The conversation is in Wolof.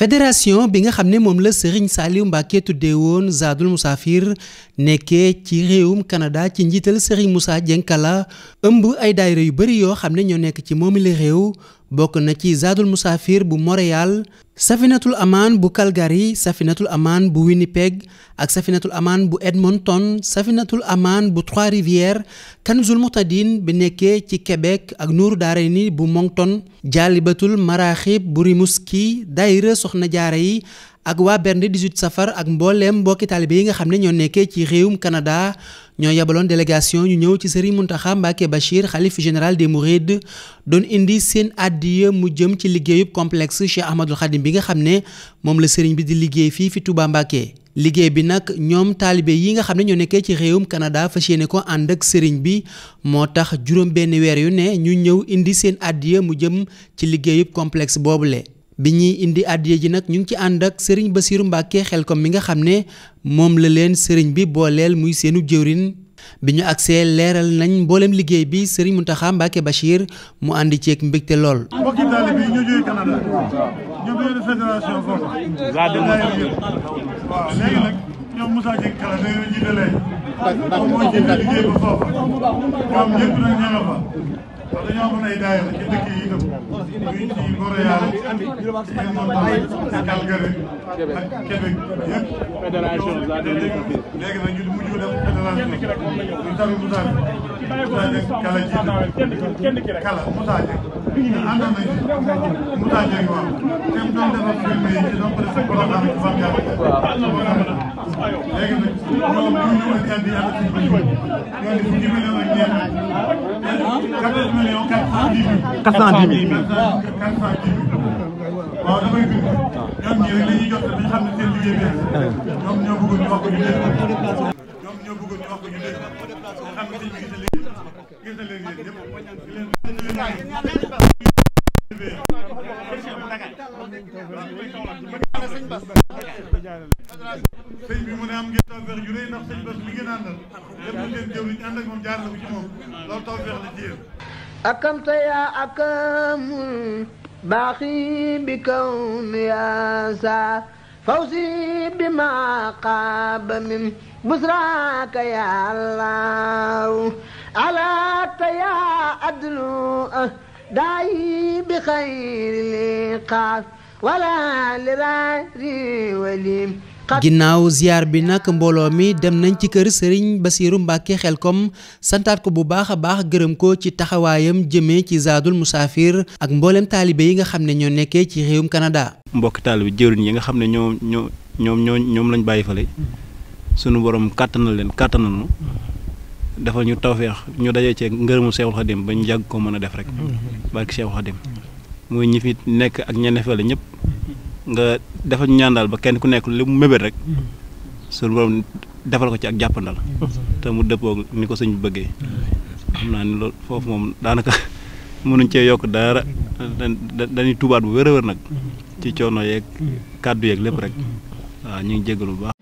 fédération bi nga xam ne moom la Serigne Saliou Mbacké tuddee woon Zadul Musafir nekkee ci réewum Canada ci njiital Serigne Moussa Dieng ëmb ay daayira yu bari yoo xam ne ñoo nekk ci moomi la réew bokk na ci Zadul Musafir bu Montréal Safinatul Amaan bu Calgary Safinatul Amaan bu Winnipeg ak Safinatul Amaan bu Edmonton Safinatul Amaan bu Trois-Rivières Kanzul Muhtadin bi nekkee ci Québec ak Nuuru Daarayni bu monton Jaalibatul Maraaxib bu Rimouski daayira Soxna Jaara yi ak waa bernde 18 safar ak mbooleem mbokki taalibe yi nga xam ne ñoo nekkee ci réewum Canada ñoo yabaloon délégation ñu ñëw ci Serigne Mountakha Mbacké Bachir xalif général des Mourides doon indi seen addiya mu jëm ci liggéeyub complexe Cheikh Ahmadul Khadim bi nga xam ne moom la Serigne bi di liggéey fii fi Touba Mbacké liggéey bi nag ñoom taalibe yi nga xam ne ñoo nekkee ci réewum Canada fas yéene ko ànd ak Serigne bi moo tax juróom benn weer yu ne ñu ñëw indi seen addiya mu jëm ci liggéeyub complexe boobule. bi ñuy indi addiya ji nag ñu ngi ci ànd ak sëriñ Basiiru Mbàkke ko mi nga xam ne moom la leen sëriñ bi booleel muy seenu jëwrin bi ñu agsee leeral nañ mboolem liggéey bi sëriñ Muntaxa Mbàkke Bachir mu àndi ceeg mbégte lool mbokki taalibe ndax dañoo mën ay daayira ci dëkk yi itam muy ci Montréal ci Edmonton ci Calgary ak Québec yëpp léegi nag ñu mujj def fédération muy tabi Moussa Moussa Kala jiite Kala Moussa Dieng ànd nañ ci Moussa Dieng waaw te mu doon defar film yi ci doon ko def programme ci Bangal léegi nag ñoom ñu ñu andi yàlla ci bëri ñoo di fukki million ak ñeent 14 millions 410 mille. 410 mille 410 mille waaw damay gën ñoom ñii rek la ñuy jot dañu xam ne seen liggéey bi ah. ñoom ñoo bëggoon ñu wax ko ñu dégg ñoom ñoo bëggoon ñu wax ko ñu dégg xam nga sëñ bi gis na leen gis na leen yéen ñëpp sëñ bi mu ne am ngeen tawfeex ju rëy ndax sëñ bas li ngeen àndal lépp ngeen jëw li ñu ànd ak moom jaar la ko ci moom loolu tawfeex la ci yéen أكمت يا أكم باقي بكون يا سا فوزي بما قاب من بسراك يا الله على يا عدل داي بخير لقاف ولا لراري وليم ginnaaw ziar bi nag mbooloo mi dem nañ ci kër basiiru Bassirou Mbacke Xelkom santaat ko bu baax a baax gërëm ko ci taxawaayam jëmee ci Zadul Musafir ak mboolem taalibe yi nga xam ne ñoo nekkee ci réewum Canada. mbokki taalibe jëwriñ yi nga xam ne ñoom ñoo ñoom ñoo ñoom lañ bàyyi fale sunu boroom kàttanal leen kàttanal nu dafa ñu tawféex ñu dajee ci ngërëmu Seexul Xadim ba ñu jàgg ko mën a def rek mm-hmm. barki Seexul Xadim muy ñi nekk ak ñeneen fële ñëpp. nga defal ñu ñaan daal ba kenn ku nekk li mu mébét rek mm-hmm. suñu borom defal ko ci ak jàppandal mm-hmm. te mu dëppoog ni ko sëñ bi bëggee mm-hmm. xam naa ni loolu foofu moom daanaka mënuñ cee yokk dara dañuy tubaat bu wér a wér nag ci coono yeeg kàddu yeeg lépp rek waaw ñu ngi bu baax